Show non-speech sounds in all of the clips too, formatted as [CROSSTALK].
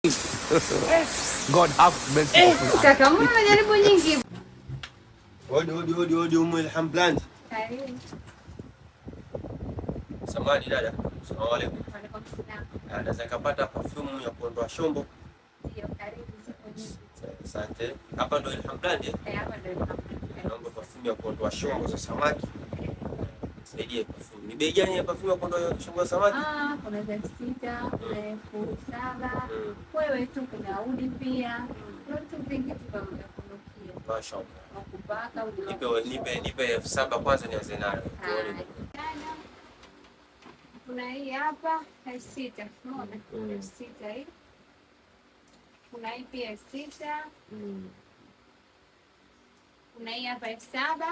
[LAUGHS] God have mercy. Eh, kaka mbona unajaribu nyingi? umu dada. alaykum. Dada zakapata perfume ya kuondoa shombo. Ndio, karibu Asante. Hapa ndo Ilham eh? eh, hapa ndo Naomba perfume ya kuondoa shombo za samaki nisaidie perfume. Ni bei gani ya perfume ya kondoa ya samaki? Ah, kuna elfu sita, kuna elfu saba. Hmm. Wewe tu kuna udi pia. Vitu vingi tukamkunukia. Mashallah. Nakupaka udi. Nipe nipe nipe elfu saba kwanza nianze nayo. Ah, kuna hii hapa elfu sita. Unaona? Hmm. Elfu sita hii. Kuna hii pia elfu sita. Hmm. Kuna hii hapa elfu saba.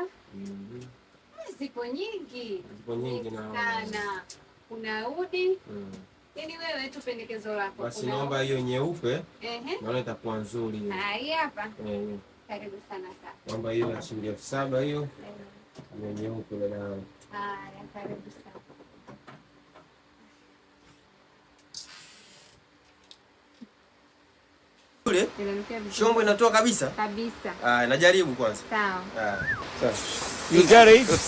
Zipo yaani nyingi, zipo nyingi sana. Kuna udi mm. Yaani wewe tu pendekezo lako. Basi naomba hiyo nyeupe, naona itakuwa nzuri. Hii hapa eh. karibu sana sana, naomba hiyo ya shilingi elfu saba hiyo, eh. hiyo nyeupe. Haya, karibu sana. vizuri? Shombo eh? inatoa kabisa? Kabisa. Ah, najaribu kwanza. Sawa. Ah. sawa. You got it?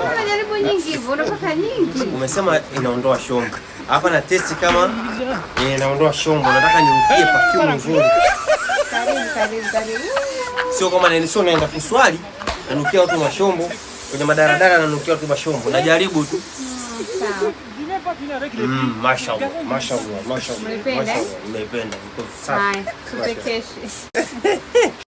Unajaribu nyingi nyingi. hivyo, unapata Umesema inaondoa shombo. Hapa na test kama [LAUGHS] eh, inaondoa shombo. Nataka niukie perfume nzuri. Karibu, karibu, karibu. Sio kama nani, sio naenda kuswali, nanukia watu mashombo. Kwenye madaradara nanukia watu mashombo. Najaribu tu. Mm, sawa. Mm, mashallah, mashallah, mashallah, mashallah. Mependa, mko safi. Haya, tutekeshe.